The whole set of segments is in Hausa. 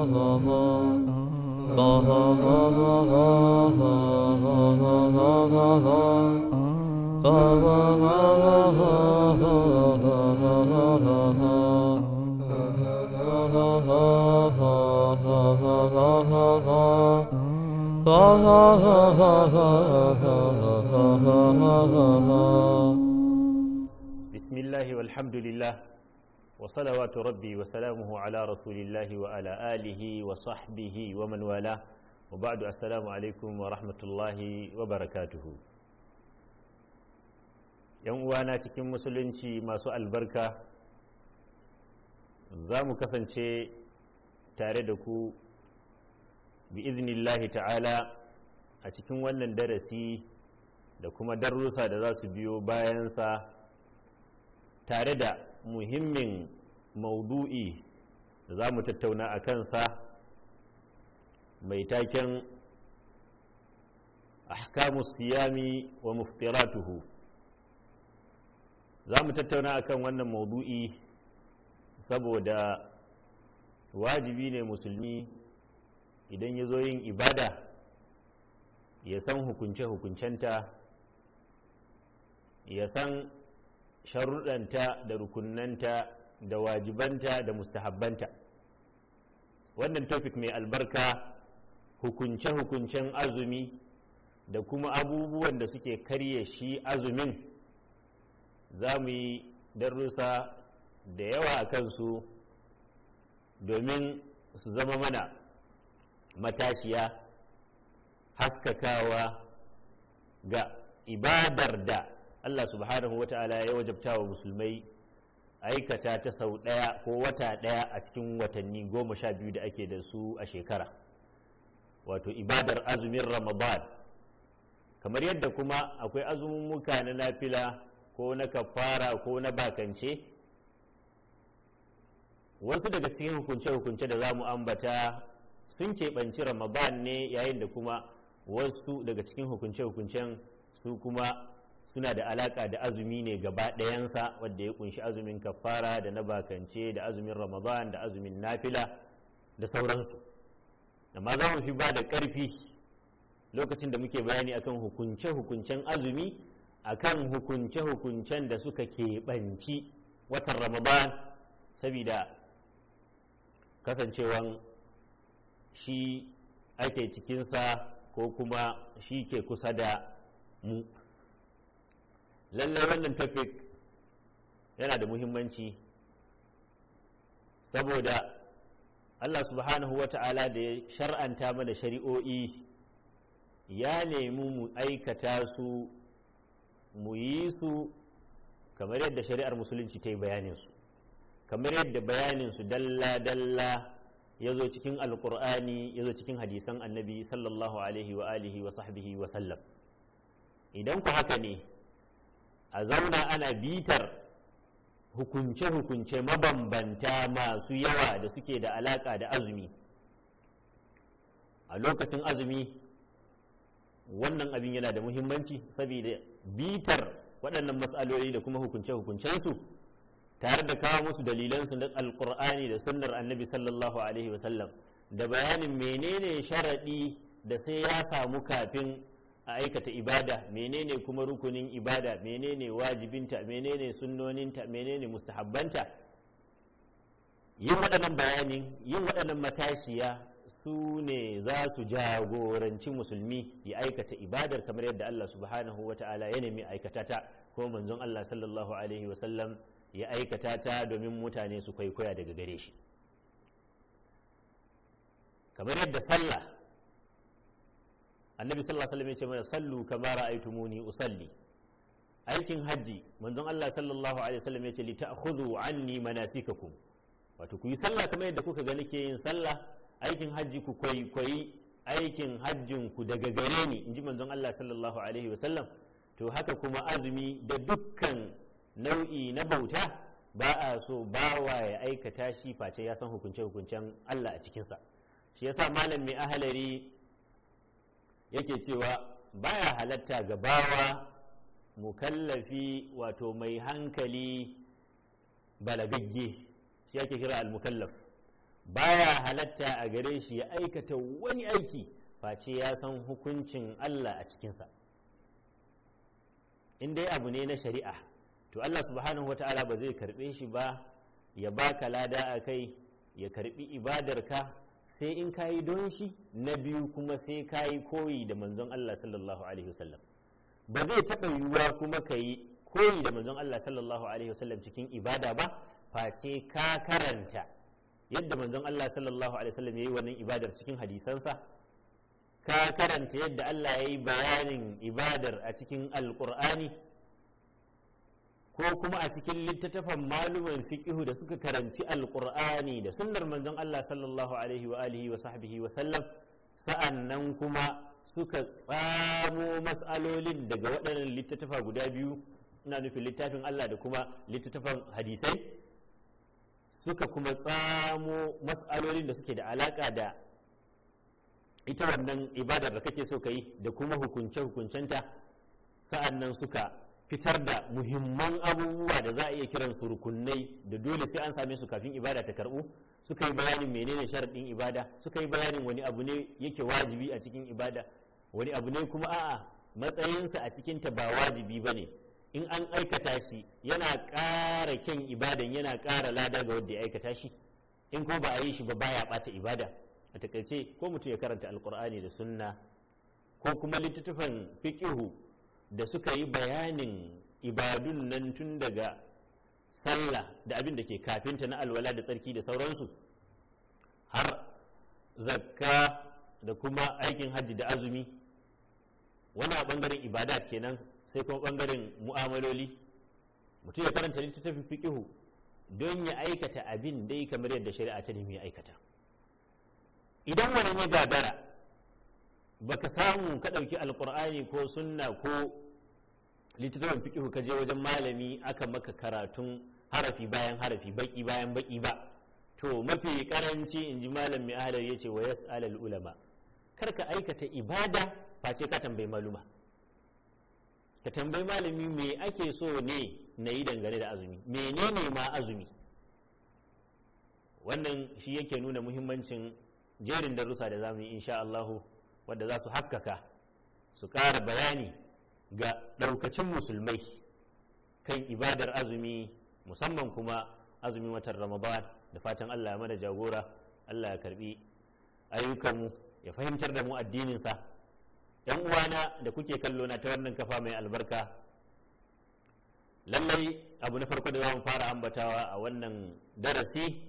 بسم الله والحمد لله وصلوات ربي وسلامه على رسول الله وعلى آله وصحبه ومن والاه وبعد السلام عليكم ورحمة الله وبركاته yan uwana cikin musulunci masu albarka za mu kasance tare da ku bi iznillahi ta'ala a cikin wannan darasi da kuma darussa da za su biyo bayansa tare da muhimmin maudu'i za mu tattauna a kansa mai taken ahkamu siyami wa muftiratuhu za mu tattauna akan wannan maudu'i saboda wajibi ne musulmi idan ya zo yin ibada ya san hukunce-hukuncenta ya san sharuɗanta da rukunanta da wajibanta da mustahabbanta wannan topic mai albarka hukunce-hukuncen azumi da kuma abubuwan da suke karye shi azumin za mu yi darussa da yawa a kansu domin su zama mana matashiya haskakawa ga ibadar da Allah subhanahu wa ta'ala ya wajabta wa musulmai aikata ta sau ɗaya ko wata ɗaya a cikin watanni goma sha biyu da ake da su a shekara wato ibadar azumin ramadan kamar yadda kuma akwai azumin muka na nafila ko na kafara ko na bakance wasu daga cikin hukunce-hukunce da za mu ambata sun keɓanci ramadan ne yayin da kuma wasu daga cikin hukunce-hukuncen su kuma suna da alaka da azumi ne gaba ɗayansa wadda ya kunshi azumin kafara da na bakance da azumin ramadan da azumin nafila da sauransu amma za mu fi ba da ƙarfi lokacin da muke bayani akan hukunce-hukuncen azumi akan hukunce-hukuncen da suka keɓanci watan ramadan saboda kasancewan shi ake cikinsa ko kuma shi ke kusa da mu lallai wannan topic yana da muhimmanci saboda Allah subhanahu wa ta'ala da ya shar'anta mana shari'o'i ya nemi mu aikata su mu yi su kamar yadda shari'ar musulunci ta yi bayaninsu kamar yadda bayanin su dalla-dalla ya zo cikin alkur'ani ya zo cikin hadisan annabi sallallahu alaihi wa alihi wa sahbihi wa sallam idan ku haka ne a zauna ana bitar hukunce-hukunce mabambanta masu yawa da suke da alaka da azumi a lokacin azumi wannan abin yana da muhimmanci saboda bitar waɗannan matsaloli da kuma hukunce-hukuncensu tare da kawo musu dalilansu na alkur'ani da sunnar annabi sallallahu alaihi wasallam da bayanin menene sharaɗi da sai ya samu kafin a aikata ibada menene kuma rukunin ibada menene wajibinta menene sunnoninta menene mustahabbanta yin waɗannan bayanin yin waɗannan matashiya su ne za su jagoranci musulmi ya aikata ibadar kamar yadda Allah subhanahu wa ta'ala ya nemi aikata ta ko manzon Allah sallallahu alaihi wa sallam ya aikata ta domin mutane su kwaikwaya daga gare shi kamar yadda sallah annabi sallallahu alaihi wasallam ya ce mana sallu kama ra'aytumuni usalli aikin hajji manzon Allah sallallahu alaihi wasallam ya ce li ta'khudhu anni manasikakum wato ku yi sallah kamar yadda kuka ga nake yin sallah aikin hajji ku koyi aikin hajjin ku daga gare ni inji manzon Allah sallallahu alaihi wasallam to haka kuma azumi da dukkan nau'i na bauta ba a so ba wa ya aikata shi face ya san hukunce hukuncen Allah a cikinsa shi yasa malam mai ahalari yake cewa baya halatta ga bawa mukallafi wato mai hankali balagagge shi ake kira al-mukallaf baya halatta a gare shi ya aikata wani aiki face ya san hukuncin Allah a cikinsa in dai abu ne na shari'a to Allah subhanahu wata'ala ba zai karbe shi ba ya baka lada a kai ya karbi ka. sai in kayi don shi na biyu kuma sai kayi yi koyi da manzon Allah sallallahu alaihi wasallam ba zai taɓa yiwuwa kuma ka yi koyi da manzon Allah sallallahu alaihi wasallam cikin ibada ba face ka karanta yadda manzon Allah sallallahu alaihi wasallam ya wannan ibadar cikin hadisansa ka karanta yadda Allah yayi bayanin ibadar a cikin alkur'ani ko kuma a cikin littattafan maluman fiqihu da suka karanci alqur'ani da sunnar manzon Allah sallallahu alaihi wa alihi wa sahbihi wa sallam sa'annan kuma suka tsamo mas'alolin daga waɗannan littattafa guda biyu ina nufin littafin Allah da kuma littattafan hadisai suka kuma tsamo mas'alolin da suke da alaka da ita wannan ibadar da kake so ka da kuma hukunce-hukuncenta sa'an nan suka fitar da muhimman abubuwa da za a iya kiran su rukunai da dole sai an same su kafin ibada ta karbu suka yi bayanin menene sharaɗin ibada suka yi bayanin wani abu ne yake wajibi a cikin ibada wani abu ne kuma a'a matsayinsa a cikin ta ba wajibi ba ne in an aikata shi yana ƙara kyan ibadan yana ƙara lada ga wanda ya aikata shi in ko ba a yi shi ba baya ɓata ibada a takaice ko mutum ya karanta alkur'ani da sunna ko kuma littattafan fiqihu da suka yi bayanin ibadun nan tun daga sallah da abin da ke kafinta na alwala da tsarki da sauransu har zakka da kuma aikin hajji da azumi wani a bangaren ibadat kenan sai kuma bangaren mu'amaloli mutum ya karanta littattafin fiqihu don ya aikata abin dai kamar yadda shari'a ta nemi aikata idan wani ya gagara baka samu ka ɗauki alkur'ani ko sunna ko littattafan fiƙihu ka je wajen malami aka maka karatun harafi bayan harafi baki bayan baki ba to mafi karanci in ji malam mai adar ya ce wa yas'alal ulama kar ka aikata ibada face ka tambayi maluma ka tambayi malami me ake so ne na yi dangane da azumi menene ma azumi wannan shi yake nuna muhimmancin jerin darussa da zamu yi insha Allahu Wanda za su haskaka su ƙara bayani ga ɗaukacin musulmai kan ibadar azumi musamman kuma azumin watan ramadan da fatan allah ya mana jagora allah ya karbi ayyukanmu ya fahimtar da mu addininsa yan uwana da kuke kallo na ta wannan kafa mai albarka lallai abu na farko da za mu fara ambatawa a wannan darasi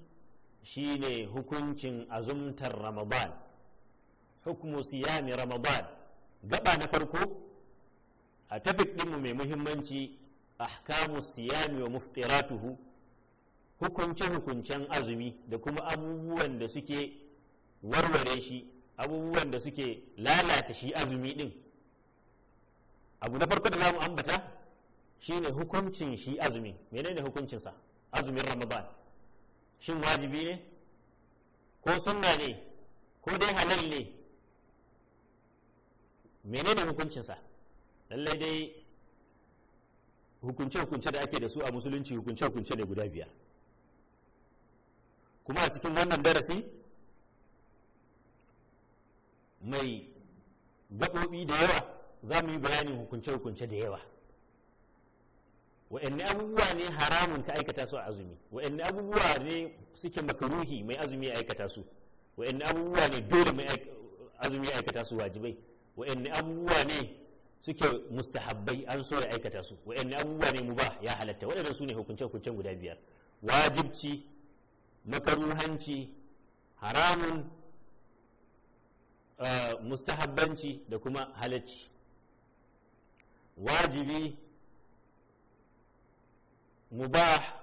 shine hukuncin azumtar ramadan hukmu siyami ramadan gaba na farko a tafik ɗinmu mai muhimmanci ahkamu siyami wa muftiratuhu hukunce-hukuncen azumi da kuma abubuwan da suke warware shi abubuwan da suke lalata shi azumi ɗin abu na farko da zamu ambata shine hukuncin shi azumi menene hukuncinsa azumin ramadan shin wajibi ne ko sunna ne ko dai halal ne menene hukuncinsa lallai dai hukunce-hukunce da ake da su a musulunci hukunce-hukunce ne guda biyar kuma a cikin wannan darasi mai gaɓoɓi da yawa za mu yi bayanin hukunce-hukunce da yawa wa'anne abubuwa ne haramun ka aikata su a azumi wa'anne abubuwa ne suke makaruhi mai azumi ya aikata su wa'anne abubuwa ne dole mai azumi ya aikata su wajibai wa'anne abubuwa ne suke mustahabbai an so ya aikata su wa'anne abubuwa ne mu ba ya halatta waɗannan su ne hukunce-hukuncen guda biyar wajibci makaruhanci haramun eh, mustahabbanci da kuma halacci wajibi mubah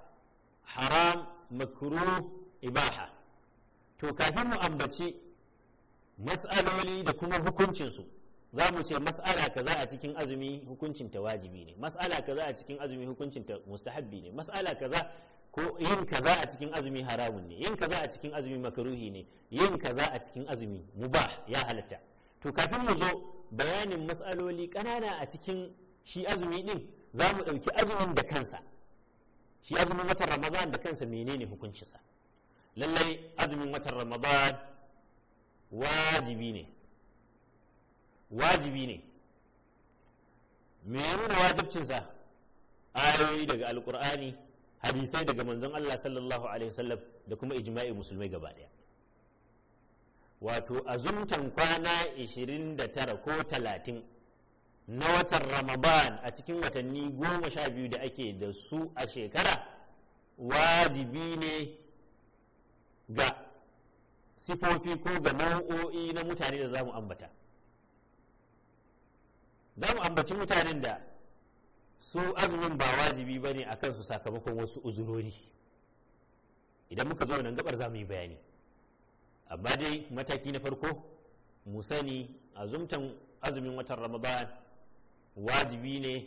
haram makruh ibaha to kafin mu ambaci matsaloli da kuma hukuncinsu za mu ce mas'ala kaza a cikin azumi hukuncin ta wajibi ne mas'ala kaza a cikin azumi hukuncin ta mustahabbi ne mas'ala kaza ko yin kaza a cikin azumi haramun ne yin kaza a cikin azumi makaruhi ne yin kaza a cikin azumi mubah ya halatta to kafin mu zo bayanin mas'aloli ƙanana a cikin shi azumi din za mu ɗauki azumin da kansa shi azumin watan ramadan da kansa menene hukuncinsa lallai azumin watan ramadan wajibi ne wajibi ne me nuna wajibcinsa ayoyi daga alkur'ani hadisai daga manzon Allah sallallahu alaihi wasallam da kuma ijma'i musulmai gaba daya wato azumtan kwana 29 ko 30 na watan ramadan a cikin watanni goma sha biyu da ake da su a shekara wajibi ne ga sifofi ko ga nau'o'i na mutane da za mu ambata za mu ambaci mutanen da su azumin ba wajibi ba ne a kansu sakamakon wasu uzurori idan muka zo nan gabar za mu yi bayani amma dai mataki na farko mu sani azumtan azumin watan ramadan wajibi ne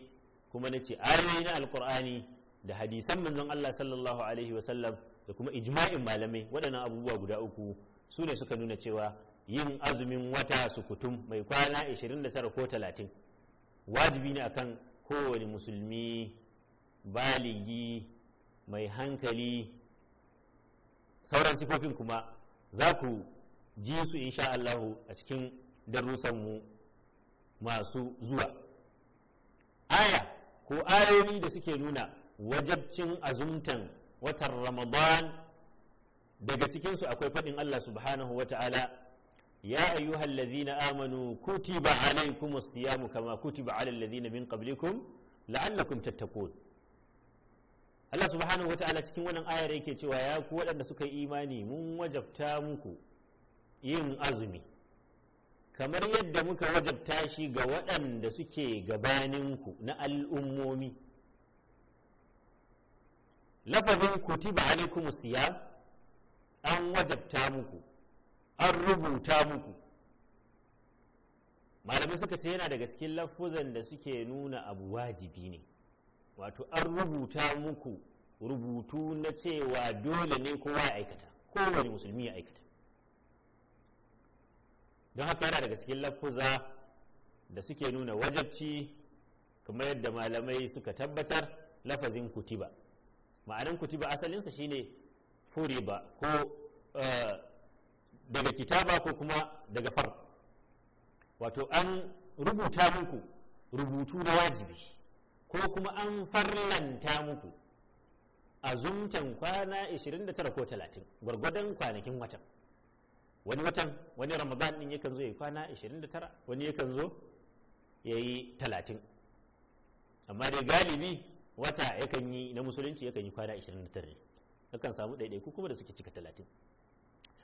kuma na ce ayoyi na alkur'ani da hadisan manzon allah sallallahu alaihi wasallam da kuma ijma'in malamai waɗannan abubuwa guda uku su ne suka nuna cewa yin azumin wata sukutum mai kwana 29 ko 30 wajibi ne akan kowane musulmi baligi mai hankali sauran sifofin kuma za ku ji su insha Allahu a cikin darussanmu masu zuwa aya ko ayoyi da suke nuna wajabcin azumtan watan ramadan daga cikinsu akwai faɗin Allah subhanahu wa ta'ala يا أيها الذين آمنوا كتب عليكم الصيام كما كتب على الذين من قبلكم لعلكم تتقون Allah subhanahu wa cikin wannan ayar yake cewa ya ku waɗanda suka yi imani mun wajabta muku yin azumi kamar yadda muka wajabta shi ga waɗanda suke gabaninku na al'ummomi lafazin kutiba alaikum siya. an wajabta muku an rubuta muku malamai suka ce yana daga cikin lafuzan da suke nuna abu wajibi ne wato an rubuta muku rubutu na cewa dole ne kowa ya aikata kowane musulmi ya aikata don haka yana daga cikin lafuza da suke nuna wajabci kamar yadda malamai suka tabbatar lafazin kutiba ma'anin kutiba asalinsa shine furiba ko eh, daga kitaba ko kuma daga far wato an rubuta muku rubutu na wajibi ko kuma an farlanta muku a zumtan kwana 29 ko 30 gwargwadon kwanakin watan wani watan wani ramadan din yakan zo ya kwana 29 wani yakan zo ya yi 30 amma dai galibi wata yakan yi na musulunci yakan yi kwana 29 ne yakan samu ɗaiɗaiku kuma da suke cika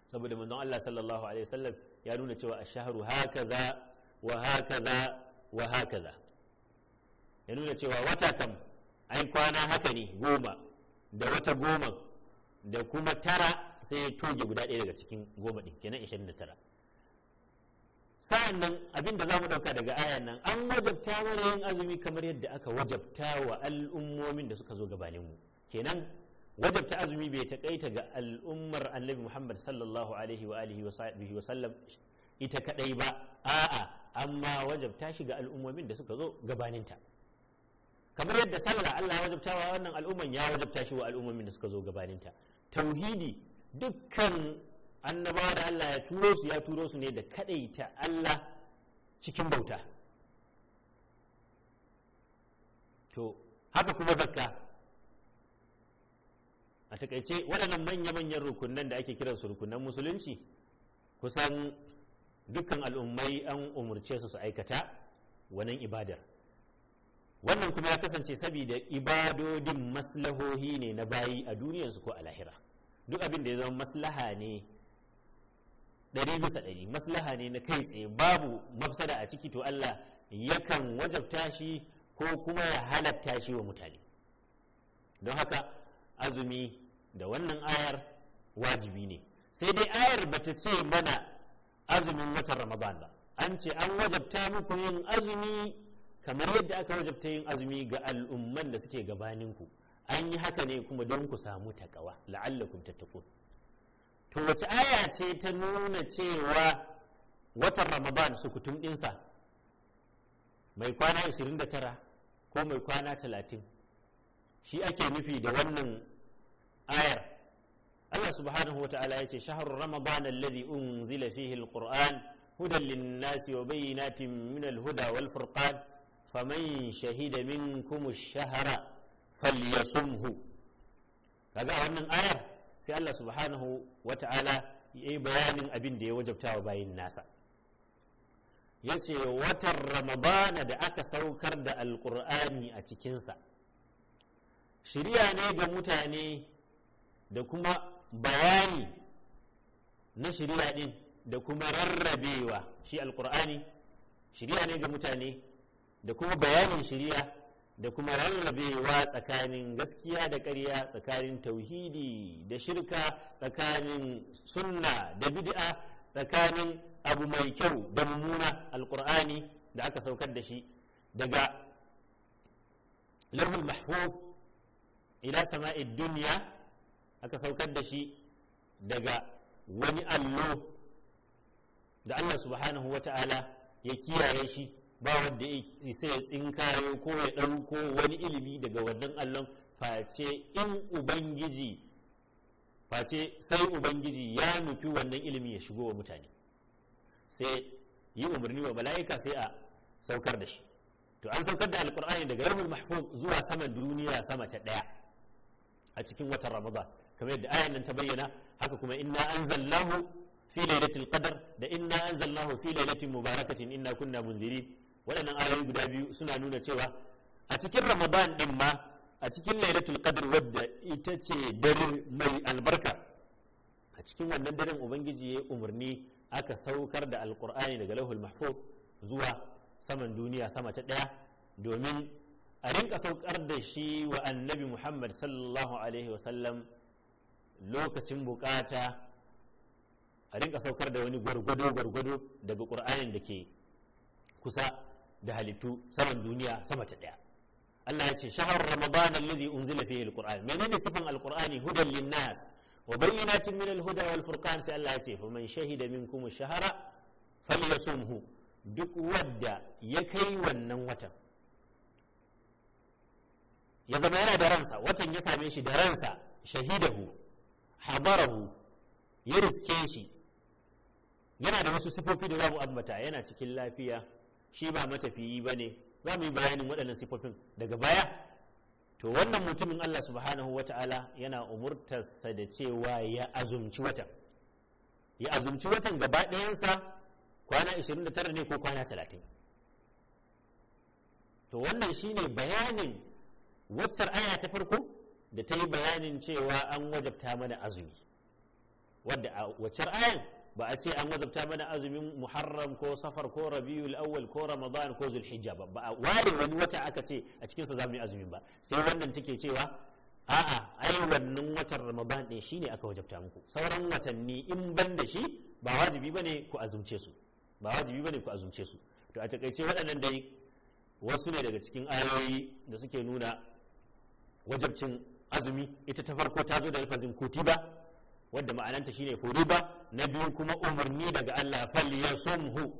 saboda manzon Allah sallallahu alaihi wasallam ya nuna cewa ash-shahru hakaza wa hakaza wa hakaza ya nuna cewa wata kam ai kwana haka ne goma da wata goma da kuma tara sai ya toge guda ɗaya daga cikin goma ɗin kenan 29 sa'an nan abin da za mu ɗauka daga ayan nan an wajabta mana yin azumi kamar yadda aka wajabta wa al'ummomin da suka zo gabaninmu kenan wajabta azumi bai taƙaita ga al'ummar annabi muhammad sallallahu alaihi wa alihi wa sallam ita kadai ba a'a amma wajabta shi ga al'ummomin da suka zo gabaninta kamar yadda sallah Allah wajabta wa wannan al'umman ya wajabta shi wa al'ummomin da suka zo gabaninta tauhidi dukkan annabawa da Allah ya turo su ya turo su ne da kadaita Allah cikin bauta to haka kuma zakka a takaice waɗannan manya-manyan rukunan da ake kiransu rukunan musulunci kusan dukkan al'ummai an umarce su su aikata wannan ibadar wannan kuma ya kasance saboda ibadodin maslahohi ne na bayi a duniyarsu ko a lahira duk abin da ya zama maslaha ne ɗari bisa ɗari maslaha ne na kai tsaye babu mafsada a ciki to Allah yakan wajabta shi ko kuma ya halatta shi wa mutane don haka azumi da wannan ayar wajibi ne sai dai ayar bata ce mana azumin watan ramadan ba an ce an wajabta muku yin azumi kamar yadda aka wajabta yin azumi ga al'umman da suke gabaninku an yi haka ne kuma don ku samu takawa la'allakum tattaqun to wace aya ce ta nuna cewa watan ramadan sukutum dinsa mai kwana 29 ko mai kwana 30 shi ake nufi da wannan ayar Allah subhanahu wa ta'ala ya ce shaharu ramadan alladhi unzila fihi alquran hudan linnasi wa bayyinatin min alhuda wal furqan faman shahida minkum ash-shahra falyasumhu kaga wannan ayar sai Allah subhanahu wa ta'ala yayi bayanin abin da ya wajabta wa bayin nasa yace watan ramadana da aka saukar da alkur'ani a cikinsa shirya ne ga mutane da kuma bayani na shirya din da kuma rarrabewa shi alkur'ani shirya ne ga mutane da kuma bayanin shirya da kuma rarrabewa tsakanin gaskiya da ƙarya tsakanin tauhidi da shirka tsakanin sunna da bid'a tsakanin abu mai kyau da mummuna alkur'ani da aka saukar da shi daga lahul mahfuz ila sama'i duniya aka saukar da shi daga wani allo da Allah subhanahu wa ta'ala ya kiyaye shi ba wanda isa ya tsinkayo ko ya ɗauko wani ilimi daga wannan allon face in ubangiji face sai ubangiji ya nufi wannan ilimi ya shigo wa mutane sai yi umarni wa mala'ika sai a saukar da shi to an saukar da alkur'ani daga rabin mahfuz zuwa saman duniya sama ta ɗaya a cikin watan ramadan kamar yadda ayan nan ta bayyana haka kuma inna anzalnahu fi lailatul qadar da inna anzalnahu fi lailatin mubarakatin inna kunna munzirin waɗannan ayoyi guda biyu suna nuna cewa a cikin ramadan din ma a cikin lailatul qadar wadda ita ce dare mai albarka a cikin wannan daren ubangiji ya umarni aka saukar da alqur'ani daga lauhul mahfuz zuwa saman duniya sama ta ɗaya domin a rinka saukar da shi wa annabi muhammad sallallahu alaihi wasallam lokacin bukata a rinka saukar da wani gwargwado gwargwado daga ƙur'anin da ke kusa da halittu saman duniya sama ta ɗaya Allah ya ce shahar ramadan alladhi unzila fihi alquran menene sifan alqurani hudan linnas wa bayyinatin min alhuda wal furqan sai Allah ya ce faman shahida minkum ash-shahara falyasumhu duk wadda ya kai wannan watan ya zama yana da ransa watan ya same shi da ransa shahidahu habarahu ya riske shi yana da wasu sifofi da za mu ambata yana cikin lafiya shi ba matafiyi ba ne za mu yi bayanin waɗannan sifofin daga baya to wannan mutumin Allah subhanahu wa ta'ala yana umurtarsa da cewa ya azumci watan ya azumci watan gaba ɗayansa kwana 29 ne ko kwana 30 to wannan shine bayanin waccar aya ta farko da ta yi bayanin cewa an wajabta mana azumi wadda a waccar ayan ba a ce an wajabta mana azumin muharram ko safar ko rabiul awwal ko ramadan ko zulhijja ba ba ware wani wata aka ce a cikinsa za mu yi azumin ba sai wannan take cewa a'a ai wannan watan ramadan din shine aka wajabta muku sauran watanni in ban da shi ba wajibi bane ku azumce su ba wajibi bane ku azumce su to a takaice waɗannan dai wasu ne daga cikin ayoyi da suke nuna wajabcin azumi ita ta farko ta zo da lafazin kutiba wadda ma'ananta shine furiba na biyu kuma umarni daga Allah falli ya somhu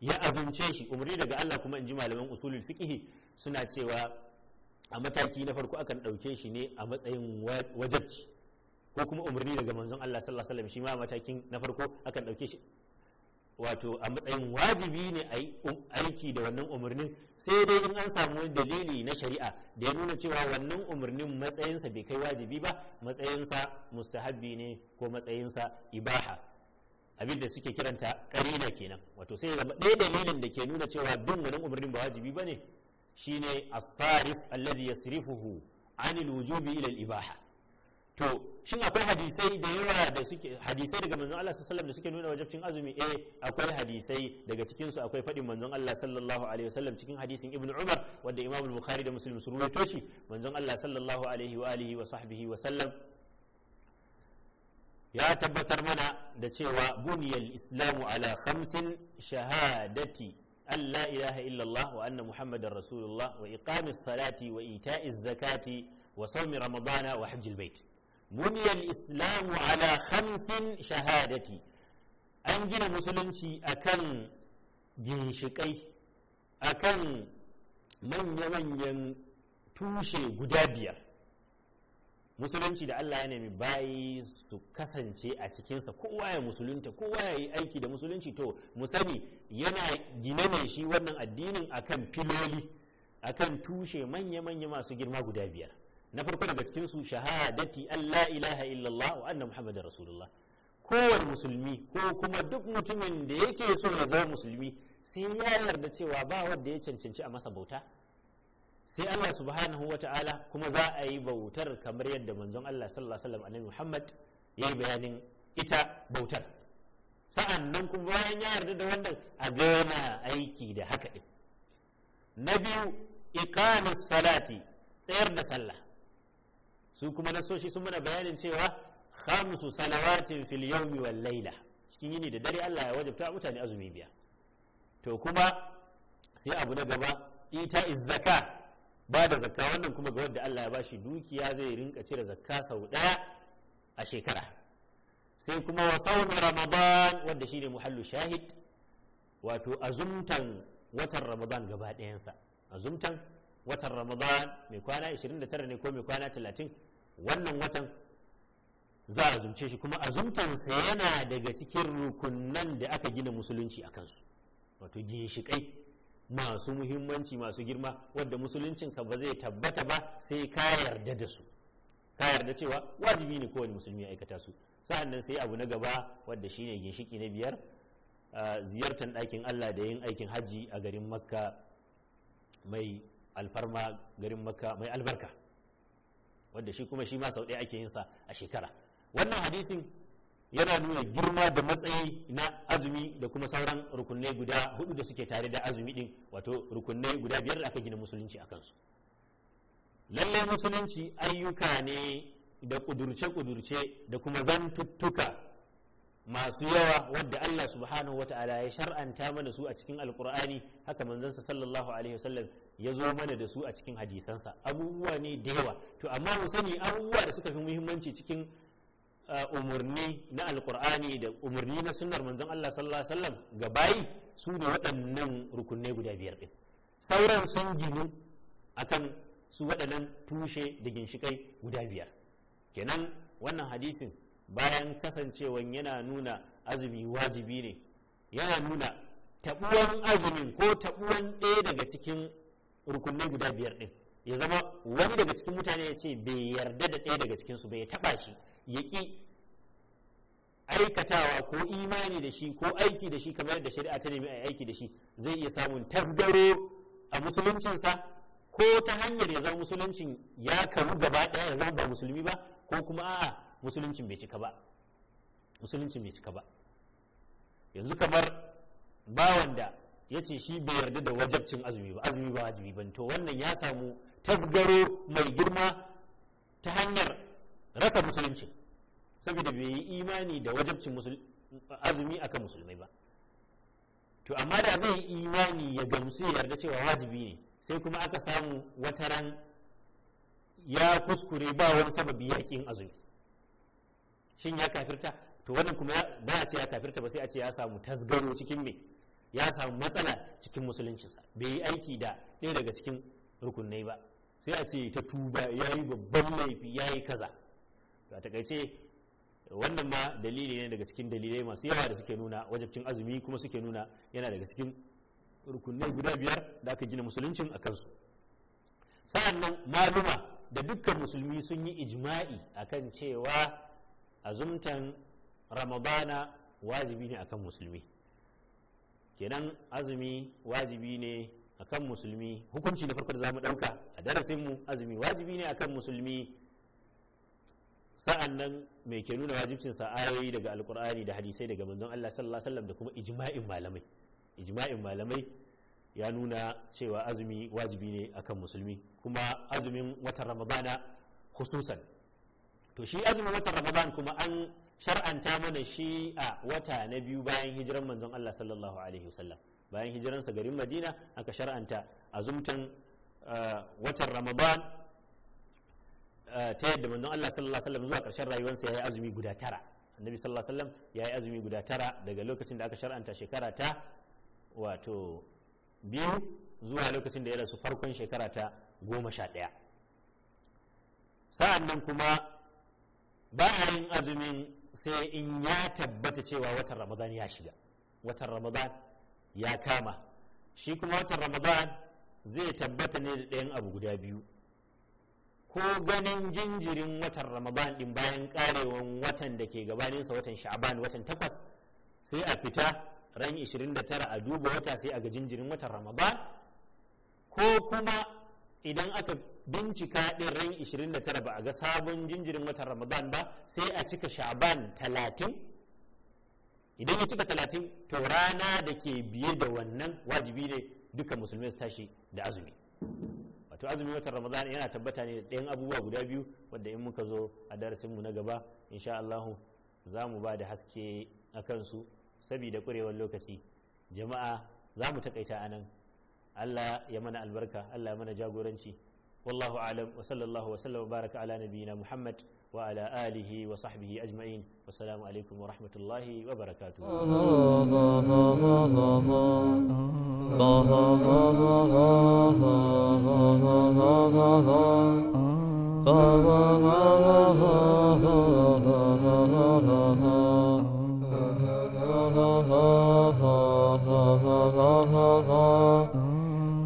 ya azumce shi umarni daga Allah kuma in ji malaman usulul fiqhi suna cewa a mataki na farko akan ɗauke shi ne a matsayin wajabci ko kuma umarni daga manzon Allah sallallahu alaihi wasallam shi ma matakin na farko akan ɗauke shi wato a matsayin wajibi ne a yi um, aiki da wannan umarnin sai dai in an samu dalili na shari'a da ya nuna cewa wannan umarnin matsayinsa bai kai wajibi ba matsayinsa mustahabbi ne ko matsayinsa ibaha abin da suke kiranta karina kenan wato sai zama ɗaya dalilin da ke nuna cewa bin wannan umarnin ba wajibi ba ne shine as-sarif alladhi yasrifuhu anil wujubi ila al-ibaha to shin akwai hadisai da yawa da suke hadisai daga manzon Allah sallallahu alaihi da suke nuna wajibcin azumi eh akwai hadisai daga cikin su akwai fadin manzon Allah sallallahu alaihi wasallam cikin hadisin Ibn Umar wanda Imam Bukhari da Muslim sun rawaito shi manzon Allah sallallahu alaihi wa alihi wa sahbihi wa sallam ya tabbatar mana da cewa buniyal islamu ala khamsin shahadati an la ilaha illallah wa anna muhammadar rasulullah wa iqamis salati wa ita'iz zakati wa sawmi ramadana wa hajjil bait بني الإسلام على خمس شهادة أنجن مسلمشي أكن جنشكي أكن من يمن توشي biyar musulunci da Allah ya nemi bayi su kasance a cikinsa kowa ya musulunta kowa ya yi aiki da musulunci to mu sani yana gine ne shi wannan addinin akan filoli akan tushe manya-manya masu girma guda biyar na farko daga cikin su shahadati an la ilaha illallah wa anna muhammadar rasulullah kowane musulmi ko kuma duk mutumin da yake so ya zama musulmi sai ya yarda cewa ba wanda ya cancanci a masa bauta sai Allah subhanahu wa ta'ala kuma za a yi bautar kamar yadda manzon Allah sallallahu alaihi wasallam annabi Muhammad ya yi bayanin ita bautar sa'an nan kuma bayan ya yarda da wannan a gana aiki da haka din na biyu iqamus salati tsayar da sallah su kuma nasoshi sun mana bayanin cewa khamsu salawatin fil yawmi wal layla cikin yini da dare Allah ya wajabta mutane azumi biya to kuma sai abu na gaba ita zakka ba da zakka wannan kuma ga wanda Allah ya bashi dukiya zai rinka cire zakka sau daya a shekara sai kuma wa sawm ramadan wanda shine muhallu shahid wato azumtan watan ramadan gaba ɗayansa azumtan watan ramadan mai kwana 29 ne ko mai kwana 30 wannan watan za a zumce shi kuma azumtansa yana daga cikin rukunan da aka gina musulunci a kansu wato ginshiƙai masu muhimmanci masu girma wadda ka ba zai tabbata ba sai ka yarda da su ka yarda cewa wajibi ne kowane musulmi ya aikata su sa'an nan sai abu na gaba wadda shine ginshiki na biyar ah, ziyartar ɗakin allah da yin aikin hajji a garin makka mai alfarma garin makka mai albarka wanda shi kuma shi ma sau ɗaya ake sa a shekara wannan hadisin yana nuna girma da matsayi na azumi da kuma sauran rukunai guda hudu da suke tare da azumi din wato rukunai guda biyar da aka gina musulunci a kansu lalle musulunci ayyuka ne da kudurce-kudurce da kuma zantuttuka masu yawa wadda Allah subhanahu wa ta'ala ya shar'anta mana su a cikin alkur'ani haka manzansa sallallahu alaihi wasallam ya zo mana da su a cikin hadisansa abubuwa ne da yawa to amma mu sani abubuwa da suka fi muhimmanci cikin uh, umarni na alkur'ani da umarni na sunnar manzon Allah sallallahu alaihi wasallam ga bayi su ne waɗannan rukunne guda biyar din sauran sun ginu akan su waɗannan tushe da ginshikai guda biyar kenan wannan hadisin bayan kasancewan yana nuna azumi wajibi ne yana nuna taɓuwan azumin ko taɓuwan ɗaya daga cikin Rukunin guda biyar din ya zama wani daga cikin mutane ya ce bai yarda da ɗaya daga cikinsu ba ya taɓa shi ya ƙi aikatawa ko imani da shi ko aiki da shi kamar da shari'a ta nemi aiki da shi zai iya samun tasgaro a musuluncinsa ko ta hanyar ya zama musuluncin ya karu gaba ɗaya ya zama ba musulmi ba ko kuma a'a musuluncin bai cika ba musuluncin bai cika ba yanzu kamar bawan da ya ce shi bai yarda da wajabcin azumi ba azumi ba wajibi ba to wannan ya samu tasgaro mai girma ta hanyar rasa musulunci saboda bai yi imani da wajabcin azumi akan musulmai ba to amma da zai yi imani ya gamsu ya yarda cewa wajibi ne sai kuma aka samu wata ran ya kuskure ba wani sababi yaƙin azumi shin ya kafirta to wannan kuma ba a ce ya kafirta ba sai a ce ya samu tasgaro cikin me ya samu matsala cikin musuluncinsa bai yi aiki da ɗaya daga cikin rukunai ba sai a ce ta tuba ya yi babban laifi ya yi kaza a takaice wannan ma dalili ne daga cikin dalilai masu yawa da suke nuna wajabcin azumi kuma suke nuna yana daga cikin rukunai guda biyar da aka gina musuluncin a kansu sa'an nan maluma da dukkan musulmi sun yi ijma'i kan cewa azumtan ramadana wajibi ne akan musulmi kenan azumi wajibi ne akan musulmi hukunci na farko da zamu dauka a darasin mu azumi wajibi ne akan musulmi sa'an nan mai ke nuna wajibcin sa ayoyi daga alkur'ani da hadisai daga manzon Allah sallallahu alaihi wasallam da kuma ijma'in malamai ijma'in malamai ya nuna cewa azumi wajibi ne akan musulmi kuma azumin watan ramadana hususan to shi azumin watan ramadan kuma an shar'anta mana shi a wata na biyu bayan hijiran manzon Allah sallallahu alaihi wasallam bayan hijiransa garin Madina aka shar'anta azumtan uh, watan Ramadan uh, ta yadda manzon Allah sallallahu alaihi wasallam zuwa ƙarshen rayuwarsa yayi azumi guda tara annabi sallallahu alaihi wasallam yayi azumi guda tara daga lokacin da aka shar'anta shekara ta wato biyu zuwa lokacin da ya rasu farkon shekara ta goma sha ɗaya sa'an nan kuma ba yin azumin sai in ya tabbata cewa watan ramadan ya shiga watan ramadan ya kama shi kuma watan ramadan zai tabbata ne da ɗayan abu guda biyu ko ganin jinjirin watan ramadan ɗin bayan karewan watan da ke gabaninsa watan sha'aban watan takwas sai a fita ran 29 a duba wata sai a ga jinjirin watan ramadan ko kuma idan aka bincika din ran 29 ba a ga sabon jinjirin watan ramadan ba sai a cika sha'ban 30 idan ya cika 30 to rana da ke biye da wannan wajibi ne duka musulmai su tashi da azumi wato azumi watan ramadan yana tabbata ne da ɗayan abubuwa guda biyu wadda in muka zo a darasinmu na gaba insha Allah za mu ba da haske a kansu saboda kurewar lokaci jama'a za mu takaita anan Allah ya mana albarka Allah ya mana jagoranci والله أعلم وصلى الله وسلم وبارك على نبينا محمد وعلى آله وصحبه أجمعين والسلام عليكم ورحمة الله وبركاته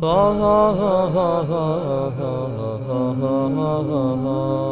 Ha ha ha ha ha ha ha ha ha